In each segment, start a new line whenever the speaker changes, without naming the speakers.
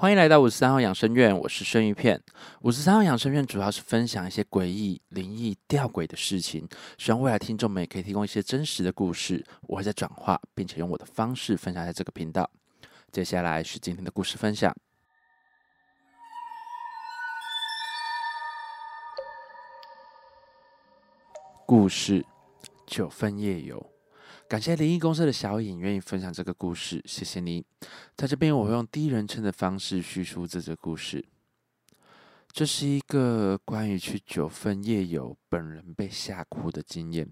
歡迎來到五十三號養生怨，我是生魚片。五十三號養生怨主要是分享一些詭異、靈異、弔詭的事情，希望未來聽眾們也可以提供一些真實的故事，我會在轉化，並且用我的方式分享在這個頻道。接下來是今天的故事分享。故事：九份夜遊。感謝靈異公社的小影願意分享這個故事，謝謝你。在這邊，我用第一人稱的方式敘述這個故事。這是一個關於去九份夜遊、本人被嚇哭的經驗。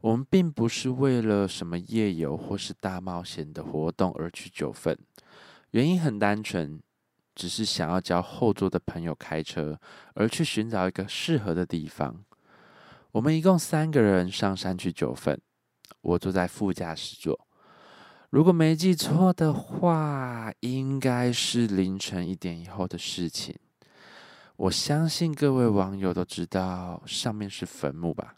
我們並不是為了什麼夜遊或是大冒險的活動而去九份，原因很單純，只是想要教後座的朋友開車，而去尋找一個適合的地方。我們一共三個人上山去九份。我坐在副駕駛座，如果沒記錯的話，應該是凌晨一點以後的事情。我相信各位網友都知道，上面是墳墓吧？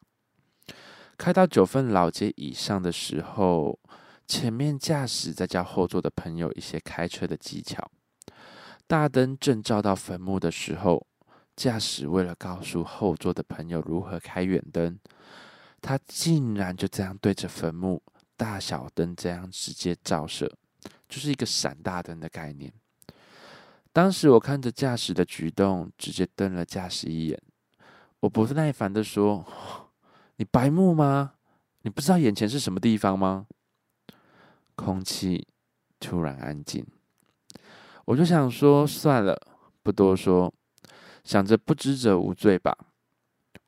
開到九份老街以上的時候，前面駕駛在教後座的朋友一些開車的技巧。大燈正照到墳墓的時候，駕駛為了告訴後座的朋友如何開遠燈。他竟然就這樣對着墳墓大小燈這樣直接照射，就是一個閃大燈的概念。當時我看着駕駛的舉動，直接瞪了駕駛一眼。我不耐煩的說：“你白目嗎？你不知道眼前是什麼地方嗎？”空氣突然安靜，我就想說算了，不多說，想着不知者無罪吧。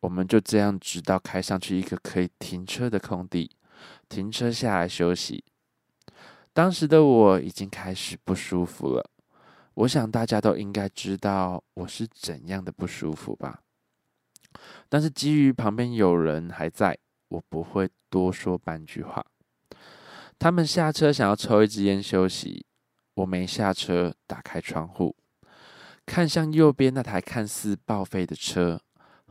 我們就這樣直到開上去一個可以停車的空地，停車下來休息。當時的我已經開始不舒服了，我想大家都應該知道我是怎樣的不舒服吧。但是基於旁邊有人還在，我不會多說半句話。他們下車想要抽一支煙休息，我沒下車，打開窗戶，看向右邊那台看似報廢的車。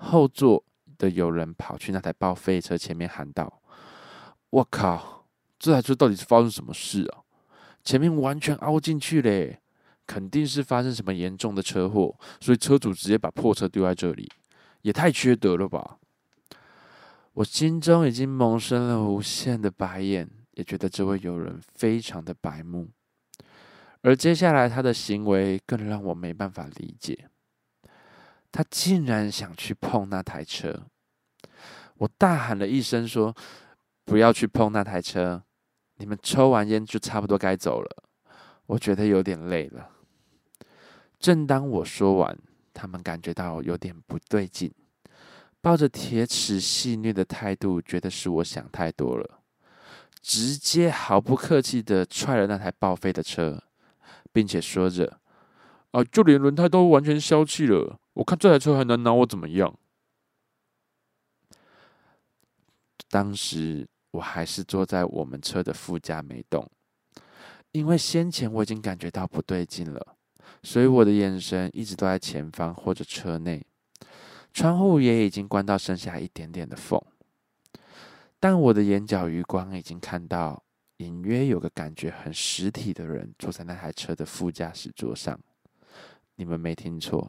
後座的友人跑去那台報廢車前面喊道：“我靠，這台車到底是發生什麼事啊？前面完全凹進去了，肯定是發生什麼嚴重的車禍，所以車主直接把破車丟在這裡，也太缺德了吧！”我心中已經萌生了無限的白眼，也覺得這位友人非常的白目，而接下來他的行為更讓我沒辦法理解。他竟然想去碰那台車，我大喊了一聲說：“不要去碰那台車！”你們抽完煙就差不多該走了。我覺得有點累了。正當我說完，他們感覺到有點不對勁，抱着鐵齒戲謔的態度，覺得是我想太多了，直接毫不客氣地踹了那台報廢的車，並且說着：“啊，就連輪胎都完全消氣了。”我看這台車還能拿我怎麼樣？當時我還是坐在我們車的副駕沒動，因為先前我已經感覺到不對勁了，所以我的眼神一直都在前方或者車內，窗戶也已經關到剩下一點點的縫，但我的眼角餘光已經看到，隱約有個感覺很實體的人坐在那台車的副駕駛座上。你們沒聽錯。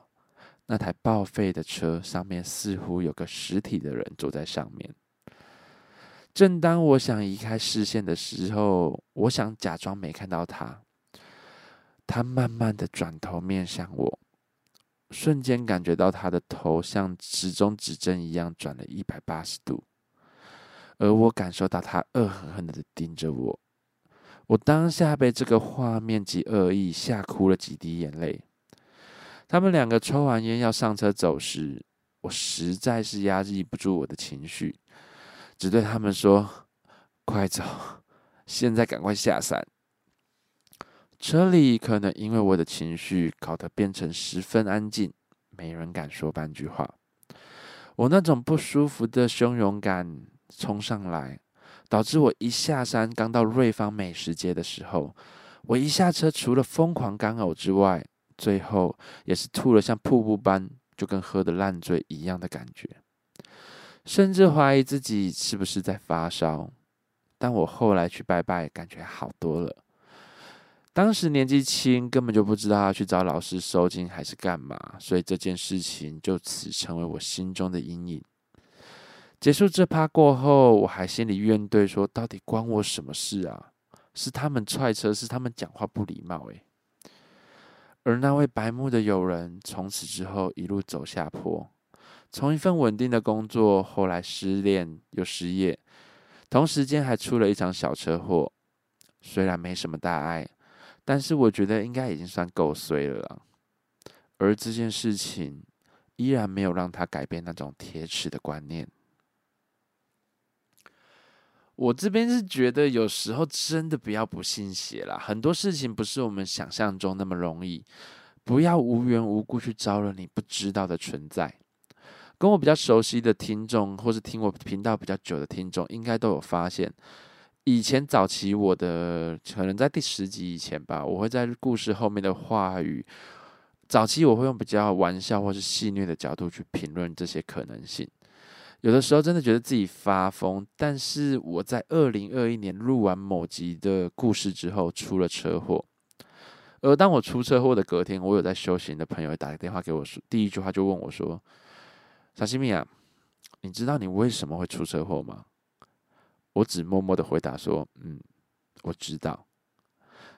那台報廢的車上面似乎有個實體的人坐在上面。正當我想移開視線的時候，我想假裝沒看到他。他慢慢的轉頭面向我，瞬間感覺到他的頭像時鐘指針一樣轉了一百八十度，而我感受到他惡狠狠的盯着我。我當下被這個畫面及惡意嚇哭了幾滴眼淚。他們兩個抽完煙要上車走時，我實在是壓抑不住我的情緒，只對他們說：“快走，現在趕快下山。”車裡可能因為我的情緒搞得變成十分安靜，沒人敢說半句話。我那種不舒服的洶湧感衝上來，導致我一下山，剛到瑞芳美食街的時候，我一下車，除了瘋狂乾嘔之外，最後也是吐了像瀑布般，就跟喝的爛醉一樣的感覺，甚至懷疑自己是不是在發燒。但我後來去拜拜，感覺好多了。當時年紀輕，根本就不知道要去找老師收驚還是幹嘛，所以這件事情就此成為我心中的陰影。結束這趴過後，我還心裡怨懟說：到底關我什麼事啊？是他們踹車，是他們講話不禮貌、欸，誒。而那位白目的友人，從此之後一路走下坡，從一份穩定的工作，後來失戀又失業，同時間還出了一場小車禍，雖然沒什麼大礙，但是我覺得應該已經算夠衰了。而這件事情，依然沒有讓他改變那種鐵齒的觀念。我這邊是覺得有時候真的不要不信邪啦，很多事情不是我們想象中那麼容易，不要無緣無故去招惹你不知道的存在。跟我比較熟悉的聽眾，或是聽我頻道比較久的聽眾，應該都有發現，以前早期我的，可能在第十集以前吧，我會在故事後面的話語，早期我會用比較玩笑或是戲謔的角度去評論這些可能性。有的時候真的覺得自己發瘋，但是我在二零二一年錄完某集的故事之後，出了車禍。而當我出車禍的隔天，我有在修行的朋友打個電話給我，說第一句話就問我說：“莎西米啊，你知道你為什麼會出車禍嗎？”我只默默的回答說：“嗯，我知道。”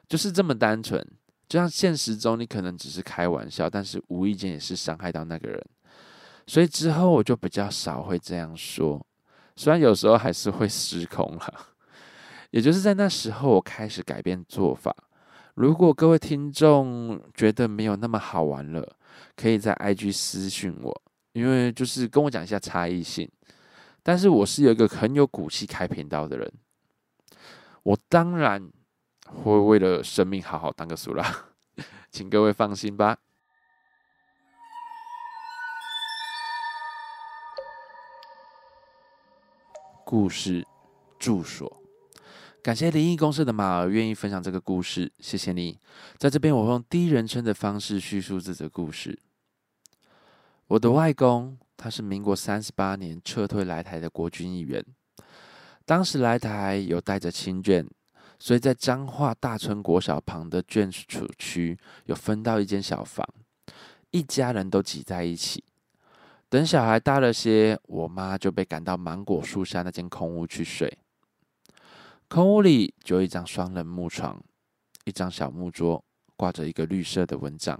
就是這麼單純，就像現實中你可能只是開玩笑，但是無意間也是傷害到那個人。所以之後我就比較少會這樣說，雖然有時候還是會失控啦。也就是在那時候，我開始改變做法。如果各位聽眾覺得沒有那麼好玩了，可以在 IG 私訊我，因為就是跟我講一下差異性。但是我是有一個很有骨氣開頻道的人，我當然會為了生命好好當個俗辣，請各位放心吧。故事住所，感謝靈異公社的馬兒願意分享這個故事，謝謝你。在這邊，我用第一人稱的方式敘述這則故事。我的外公，他是民國三十八年撤退來台的國軍一員，當時來台有帶着親眷，所以在彰化大村國小旁的眷屬區有分到一間小房，一家人都擠在一起。等小孩大了些，我媽就被趕到芒果樹下那間空屋去睡。空屋裡就有一張雙人木床，一張小木桌，掛着一個綠色的蚊帳。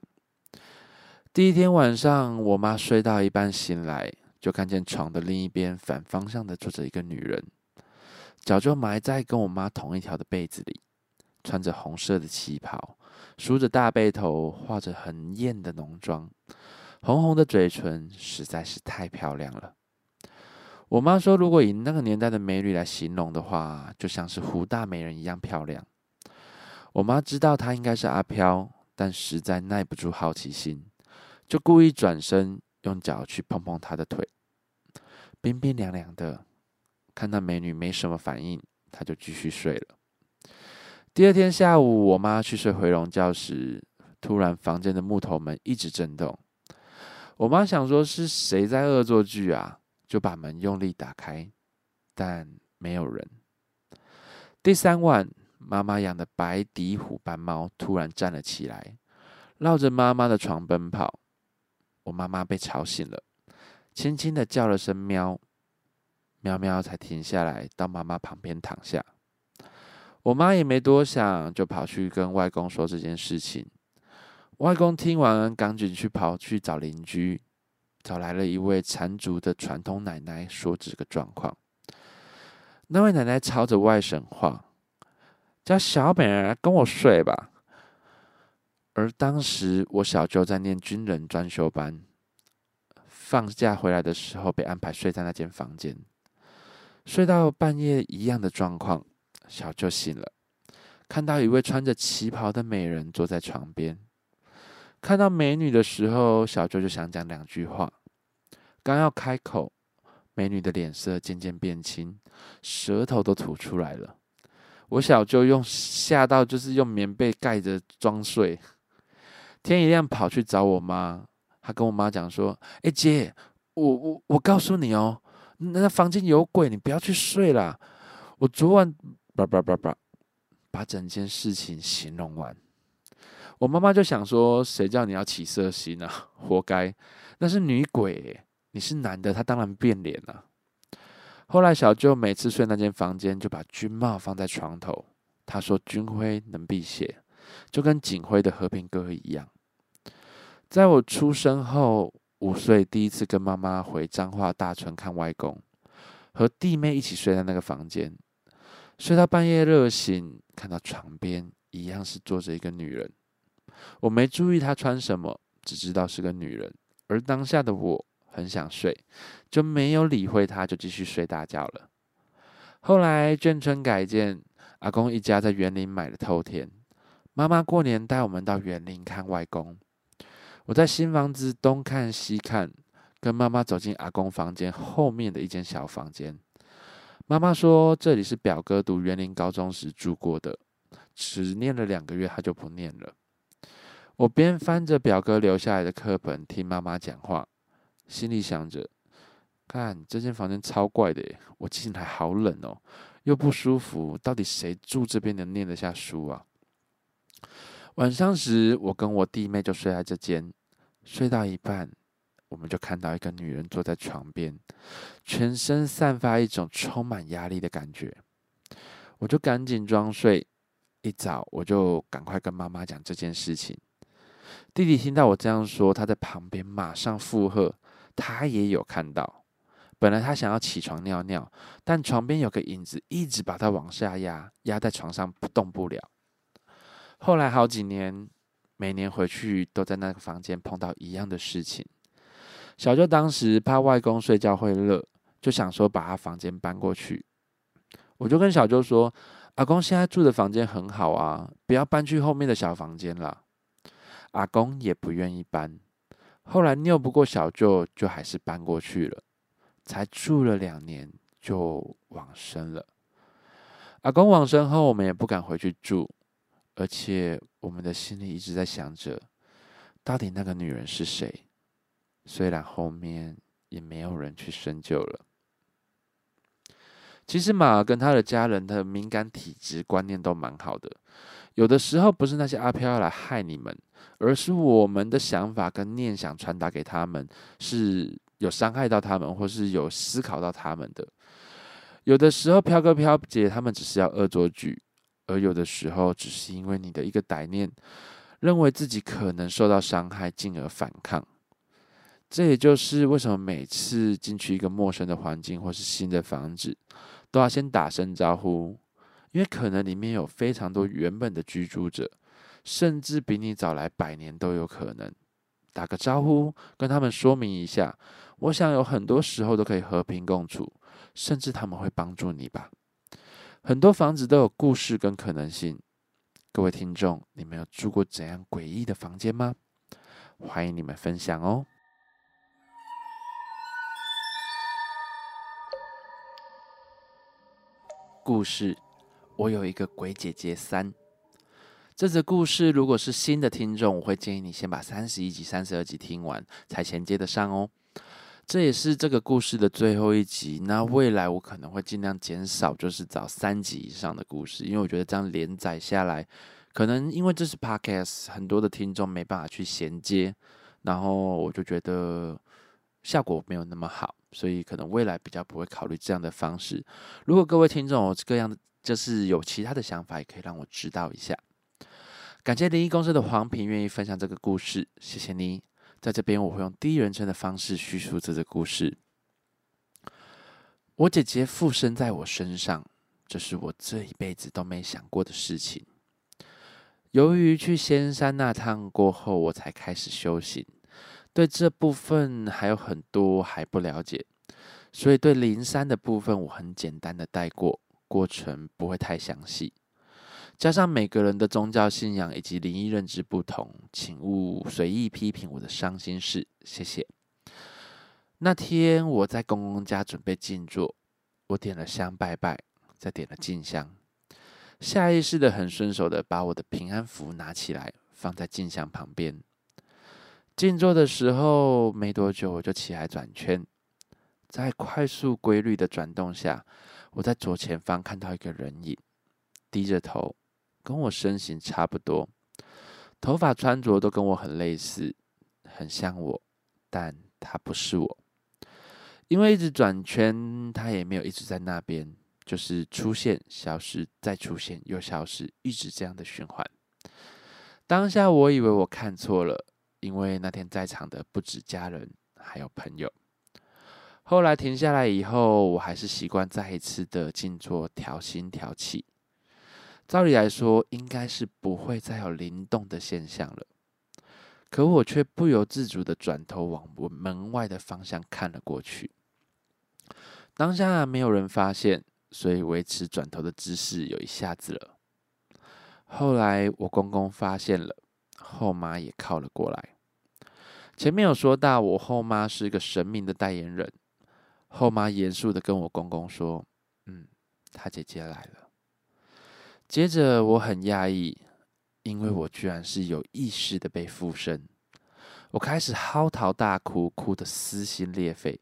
第一天晚上，我媽睡到一半醒來，就看見床的另一邊反方向的坐着一個女人，腳就埋在跟我媽同一條的被子裡，穿着紅色的旗袍，梳着大背頭，化着很豔的濃妝。紅紅的嘴唇實在是太漂亮了。我媽說，如果以那個年代的美女來形容的話，就像是胡大美人一樣漂亮。我媽知道她應該是阿飄，但實在耐不住好奇心，就故意轉身用腳去碰碰她的腿，冰冰涼涼的。看到美女沒什麼反應，她就繼續睡了。第二天下午，我媽去睡回籠覺時，突然房間的木頭門一直震動。我媽想說是誰在惡作劇啊，就把門用力打開，但沒有人。第三晚，媽媽養的白底虎斑貓突然站了起來，繞着媽媽的床奔跑。我媽媽被吵醒了，輕輕的叫了聲“喵”，“喵喵”才停下來，到媽媽旁邊躺下。我媽也沒多想，就跑去跟外公說這件事情。外公聽完，趕緊去跑去找鄰居，找來了一位纏足的傳統奶奶，說這個狀況。那位奶奶朝着外省話：“叫小美人兒跟我睡吧。”而當時我小舅在念軍人專修班，放假回來的時候被安排睡在那間房間，睡到半夜一樣的狀況。小舅醒了，看到一位穿着旗袍的美人坐在床邊。看到美女的時候，小舅就想講兩句話，剛要開口，美女的臉色漸漸變青，舌頭都吐出來了。我小舅用嚇到，就是用棉被蓋着裝睡。天一亮跑去找我媽，她跟我媽講說：“哎、欸、姐，我我我告訴你哦，那房間有鬼，你不要去睡啦。”我昨晚叭叭叭叭把整件事情形容完。我媽媽就想說：“誰叫你要起色心啊？活該！那是女鬼，你是男的，她當然變臉了啊。”後來小舅每次睡那間房間，就把軍帽放在床頭。他說：“軍徽能辟邪，就跟警徽的和平鴿一樣。”在我出生後五歲，第一次跟媽媽回彰化大村看外公，和弟妹一起睡在那個房間，睡到半夜熱醒，看到床邊一樣是坐着一個女人。我沒注意她穿什麼，只知道是個女人。而當下的我很想睡，就沒有理會她，就繼續睡大覺了。後來眷村改建，阿公一家在園林買了透天。媽媽過年帶我們到園林看外公。我在新房子東看西看，跟媽媽走進阿公房間後面的一間小房間。媽媽說這裡是表哥讀園林高中時住過的，只念了兩個月，他就不念了。我邊翻着表哥留下來的課本，聽媽媽講話，心裡想着：看，這間房間超怪的，我進來好冷哦、喔，又不舒服。到底誰住這邊能念得下書啊？晚上時，我跟我弟妹就睡在這間，睡到一半，我們就看到一個女人坐在床邊，全身散發一種充滿壓力的感覺。我就趕緊裝睡，一早我就趕快跟媽媽講這件事情。弟弟聽到我這樣說，他在旁邊馬上附和，他也有看到。本來他想要起床尿尿，但床邊有個影子一直把他往下壓，壓在床上動不了。後來好幾年，每年回去都在那個房間碰到一樣的事情。小舅當時怕外公睡覺會熱，就想說把他房間搬過去。我就跟小舅說，阿公現在住的房間很好啊，不要搬去後面的小房間了。阿公也不願意搬，後來拗不過小舅，就還是搬過去了。才住了兩年，就往生了。阿公往生後，我們也不敢回去住，而且我們的心裡一直在想着，到底那個女人是誰。雖然後面也沒有人去深究了。其實嘛，跟他的家人的敏感體質觀念都蠻好的。有的時候不是那些阿飄要來害你們，而是我們的想法跟念想傳達給他們是有傷害到他們，或是有思考到他們的。有的時候飄哥飄姐他們只是要惡作劇，而有的時候只是因為你的一個歹念，認為自己可能受到傷害，進而反抗。這也就是為什麼每次進去一個陌生的環境或是新的房子，都要先打聲招呼。因為可能裡面有非常多原本的居住者，甚至比你早來百年都有可能。打個招呼，跟他們說明一下，我想有很多時候都可以和平共處，甚至他們會幫助你吧。很多房子都有故事跟可能性。各位聽眾，你們有住過怎樣詭異的房間嗎？歡迎你們分享哦。故事。我有一個鬼姐姐三，這則故事如果是新的聽眾，我會建議你先把三十一集、三十二集聽完，才銜接得上哦。這也是這個故事的最後一集。那未來我可能會盡量減少，就是找三集以上的故事，因為我覺得這樣連載下來，可能因為這是 Podcast，很多的聽眾沒辦法去銜接，然後我就覺得效果沒有那麼好，所以可能未來比較不會考慮這樣的方式。如果各位聽眾有各樣的。就是有其他的想法，也可以讓我知道一下。感謝靈異公司的黃平願意分享這個故事，謝謝你。在這邊我會用第一人稱的方式敘述這個故事。我姐姐附身在我身上，這是我這一輩子都沒想過的事情。由於去仙山那趟過後，我才開始修行，對這部分還有很多還不了解，所以對靈山的部分我很簡單的帶過。過程不會太詳細，加上每個人的宗教信仰以及靈異認知不同，請勿隨意批評我的傷心事，謝謝。那天我在公公家準備靜坐，我點了香拜拜，再點了靜香，下意識的很順手的把我的平安符拿起來放在靜香旁邊。靜坐的時候沒多久我就起來轉圈，在快速規律的轉動下，我在左前方看到一個人影，低着頭，跟我身形差不多，頭髮、穿着都跟我很類似，很像我，但他不是我。因為一直轉圈，他也沒有一直在那邊，就是出現、消失、再出現、又消失，一直這樣的循環。當下我以為我看錯了，因為那天在場的不止家人，還有朋友。後來停下來以後，我還是習慣再一次的靜坐調心調氣。照理來說，應該是不會再有靈動的現象了，可我卻不由自主的轉頭往我門外的方向看了過去。當下沒有人發現，所以維持轉頭的姿勢有一下子了。後來我公公發現了，後媽也靠了過來。前面有說到，我後媽是一個神明的代言人。後媽嚴肅的跟我公公說：“嗯，她姐姐來了。”接着我很訝異，因為我居然是有意識的被附身。我開始嚎啕大哭，哭得撕心裂肺，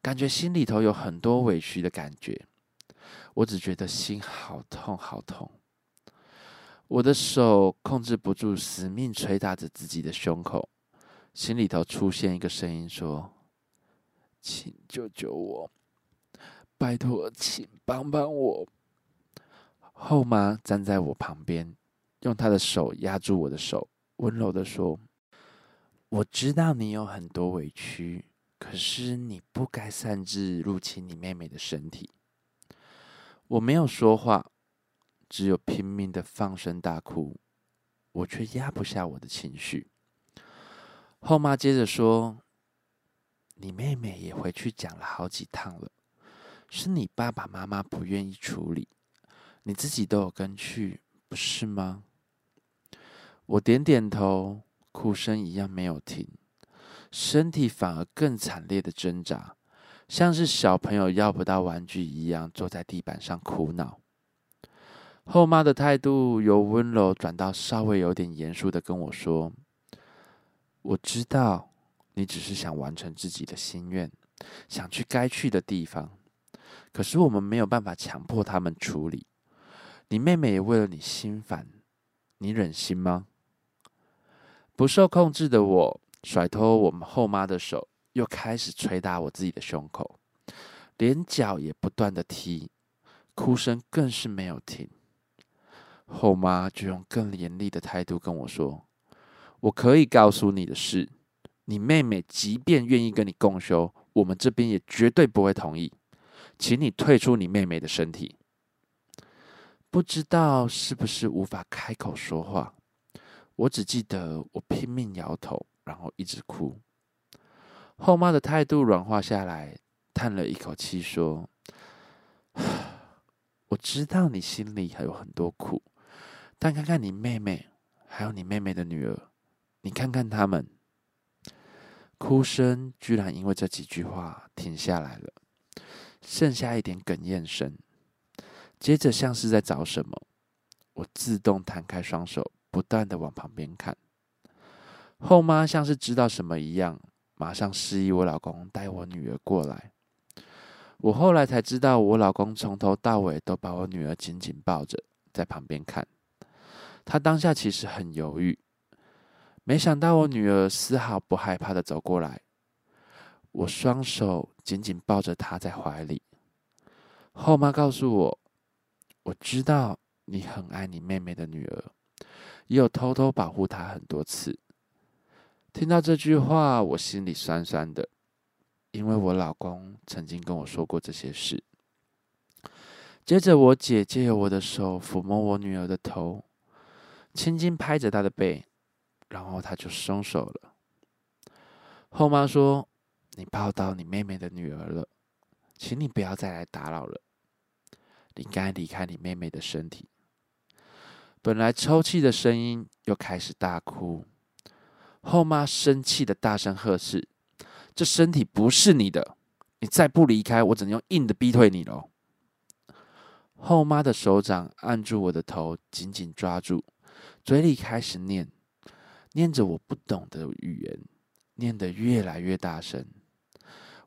感覺心裡頭有很多委屈的感覺。我只覺得心好痛，好痛。我的手控制不住，死命捶打着自己的胸口，心裡頭出現一個聲音說。請救救我！拜托，請幫幫我！後媽站在我旁邊，用她的手壓住我的手，溫柔的說：“我知道你有很多委屈，可是你不該擅自入侵你妹妹的身體。”我沒有說話，只有拼命的放聲大哭。我卻壓不下我的情緒。後媽接着說。你妹妹也回去講了好幾趟了，是你爸爸媽媽不願意處理，你自己都有跟去，不是嗎？我點點頭，哭聲一樣沒有停，身體反而更慘烈的掙扎，像是小朋友要不到玩具一樣，坐在地板上哭鬧。後媽的態度由溫柔轉到稍微有點嚴肅的跟我說：“我知道。”你只是想完成自己的心願，想去該去的地方，可是我們沒有辦法強迫他們處理。你妹妹也為了你心煩，你忍心嗎？不受控制的我，甩脫我們後媽的手，又開始捶打我自己的胸口，連腳也不斷的踢，哭聲更是沒有停。後媽就用更嚴厲的態度跟我說：“我可以告訴你的事。”你妹妹即便願意跟你共修，我們這邊也絕對不會同意，請你退出你妹妹的身體。不知道是不是無法開口說話，我只記得我拼命搖頭，然後一直哭。後媽的態度軟化下來，嘆了一口氣說：“我知道你心裡還有很多苦，但看看你妹妹，還有你妹妹的女兒，你看看他們。”哭聲居然因為這幾句話停下來了，剩下一點哽咽聲。接着像是在找什麼，我自動攤開雙手，不斷地往旁邊看。後媽像是知道什麼一樣，馬上示意我老公帶我女兒過來。我後來才知道，我老公從頭到尾都把我女兒緊緊抱着，在旁邊看。他當下其實很猶豫。沒想到我女兒絲毫不害怕的走過來，我雙手緊緊抱着她在懷裡。後媽告訴我：“我知道你很愛你妹妹的女兒，也有偷偷保護她很多次。”聽到這句話，我心裡酸酸的，因為我老公曾經跟我說過這些事。接着，我姐借我的手撫摸我女兒的頭，輕輕拍着她的背。然後他就鬆手了。後媽說：“你抱到你妹妹的女兒了，請你不要再來打擾了。你該離開你妹妹的身體。”本來抽泣的聲音又開始大哭。後媽生氣的大聲呵斥：“這身體不是你的，你再不離開，我只能用硬的逼退你嘍。”後媽的手掌按住我的頭，緊緊抓住，嘴裡開始念。念着我不懂的語言，念得越來越大聲。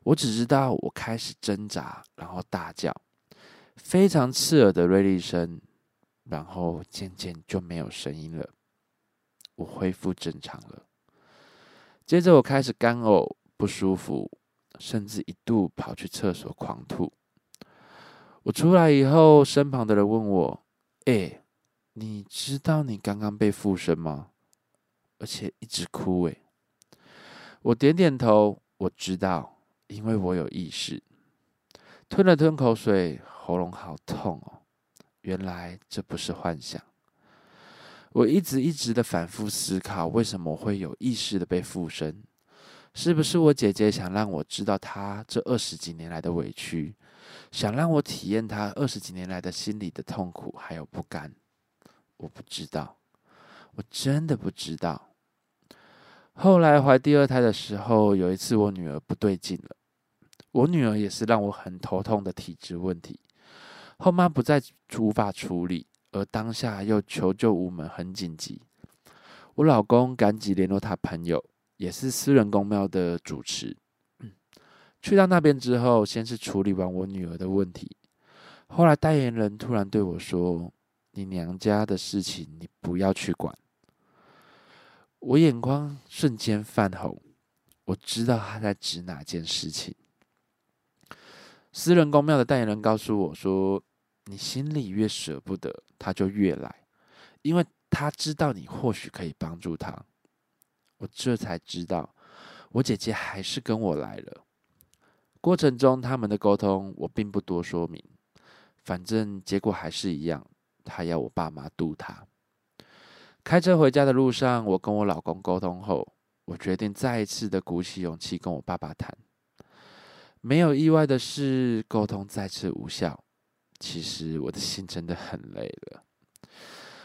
我只知道我開始掙扎，然後大叫，非常刺耳的銳利聲，然後漸漸就沒有聲音了。我恢復正常了。接着我開始乾嘔，不舒服，甚至一度跑去廁所狂吐。我出來以後，身旁的人問我：“哎，你知道你剛剛被附身嗎？”而且一直哭欸。我點點頭，我知道，因為我有意識。吞了吞口水，喉嚨好痛哦。原來這不是幻想。我一直一直的反覆思考，為什麼會有意識的被附身？是不是我姐姐想讓我知道她這二十幾年來的委屈，想讓我體驗她二十幾年來的心裡的痛苦還有不甘？我不知道，我真的不知道。後來懷第二胎的時候，有一次我女兒不對勁了。我女兒也是讓我很頭痛的體質問題，後媽不在無法處理，而當下又求救無門，很緊急。我老公趕緊聯絡他朋友，也是私人宮廟的主持、嗯。去到那邊之後，先是處理完我女兒的問題，後來代言人突然對我說：“你娘家的事情，你不要去管。”我眼眶瞬間泛紅，我知道他在指哪件事情。私人宮廟的代言人告訴我說：“你心裡越舍不得，他就越來，因為他知道你或許可以幫助他。”我這才知道，我姐姐還是跟我來了。過程中他們的溝通我並不多說明，反正結果還是一樣，他要我爸媽渡他。開車回家的路上，我跟我老公溝通後，我決定再一次的鼓起勇氣跟我爸爸談。沒有意外的是，溝通再次無效。其實我的心真的很累了，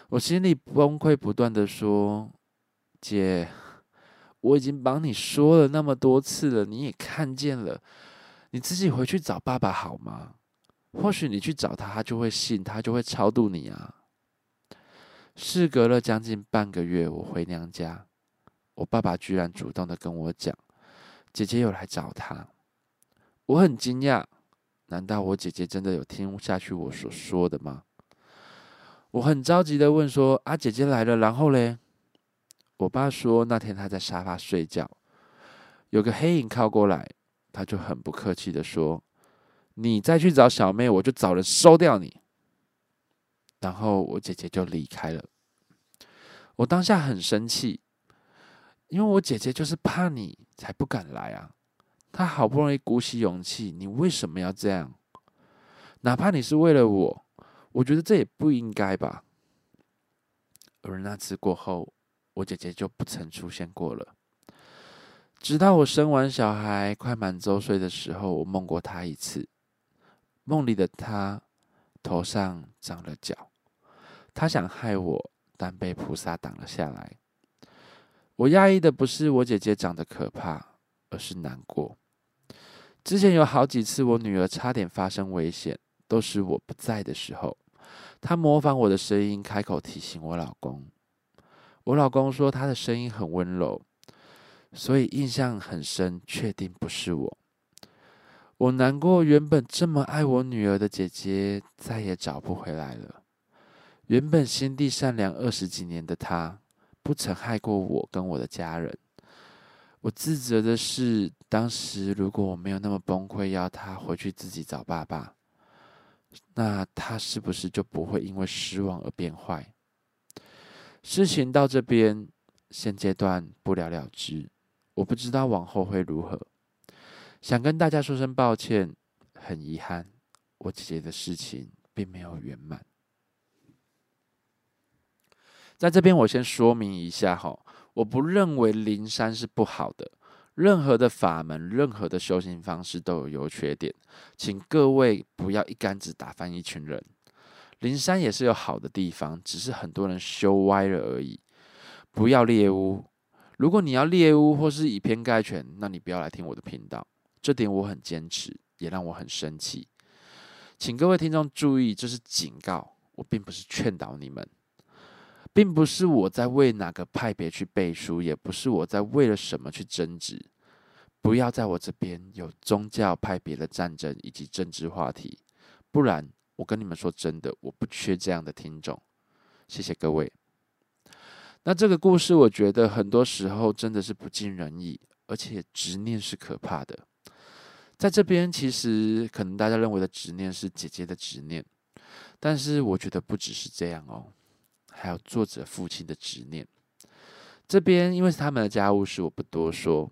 我心裡崩潰不斷的說：“姐，我已經幫你說了那麼多次了，你也看見了，你自己回去找爸爸好嗎？或許你去找他，他就會信，他就會超度你啊。”事隔了將近半個月，我回娘家，我爸爸居然主動的跟我講，姐姐又來找他。我很驚訝，難道我姐姐真的有聽下去我所說的嗎？我很着急的問說，啊姐姐來了，然後嘞？我爸說那天他在沙發睡覺，有個黑影靠過來，他就很不客氣的說，你再去找小妹，我就找人收掉你。然後我姐姐就離開了。我當下很生氣，因為我姐姐就是怕你才不敢來啊。她好不容易鼓起勇氣，你為什麼要這樣？哪怕你是為了我，我覺得這也不應該吧。而那次過後，我姐姐就不曾出現過了。直到我生完小孩快滿周歲的時候，我夢過她一次。夢裡的她頭上長了角。他想害我，但被菩薩擋了下來。我壓抑的不是我姐姐長得可怕，而是難過。之前有好幾次，我女兒差點發生危險，都是我不在的時候，她模仿我的聲音開口提醒我老公。我老公說她的聲音很溫柔，所以印象很深，確定不是我。我難過，原本這麼愛我女兒的姐姐，再也找不回來了。原本心地善良二十幾年的他，不曾害過我跟我的家人。我自責的是，當時如果我沒有那麼崩潰，要他回去自己找爸爸，那他是不是就不會因為失望而變壞？事情到這邊，現階段不了了之。我不知道往後會如何。想跟大家說聲抱歉，很遺憾，我姐姐的事情並沒有圓滿。在這邊，我先說明一下吼，我不認為靈山是不好的，任何的法門，任何的修行方式都有優缺點，請各位不要一竿子打翻一群人。靈山也是有好的地方，只是很多人修歪了而已。不要獵巫，如果你要獵巫或是以偏概全，那你不要來聽我的頻道，這點我很堅持，也讓我很生氣。請各位聽眾注意，這是警告，我並不是勸導你們。並不是我在為哪個派別去背書，也不是我在為了什麼去爭執。不要在我這邊有宗教派別的戰爭以及政治話題，不然我跟你們說真的，我不缺這樣的聽眾。謝謝各位。那這個故事，我覺得很多時候真的是不盡人意，而且執念是可怕的。在這邊，其實可能大家認為的執念是姐姐的執念，但是我覺得不只是這樣哦。還有作者父親的執念，這邊因為是他們的家務事，我不多說。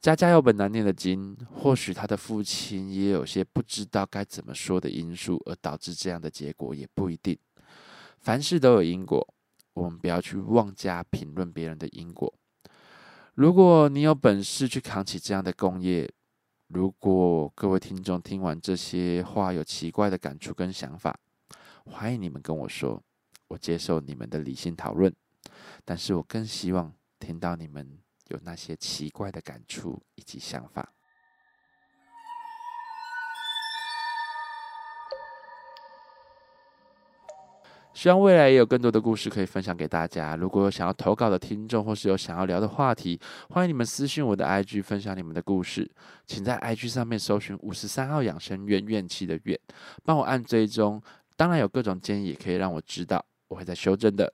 家家有本難念的經，或許他的父親也有些不知道該怎麼說的因素，而導致這樣的結果也不一定。凡事都有因果，我們不要去妄加評論別人的因果。如果你有本事去扛起這樣的工業，如果各位聽眾聽完這些話有奇怪的感觸跟想法，歡迎你們跟我說。我接受你們的理性討論，但是我更希望聽到你們有那些奇怪的感觸以及想法。希望未來也有更多的故事可以分享給大家。如果有想要投稿的聽眾，或是有想要聊的話題，歡迎你們私訊我的 IG 分享你們的故事。請在 IG 上面搜尋53號養生怨，怨氣的怨，幫我按追蹤。當然，有各種建議也可以讓我知道。我會再修正的。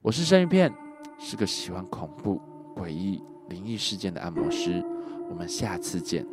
我是生魚片，是個喜歡恐怖、詭異、靈異事件的按摩師。我們下次見。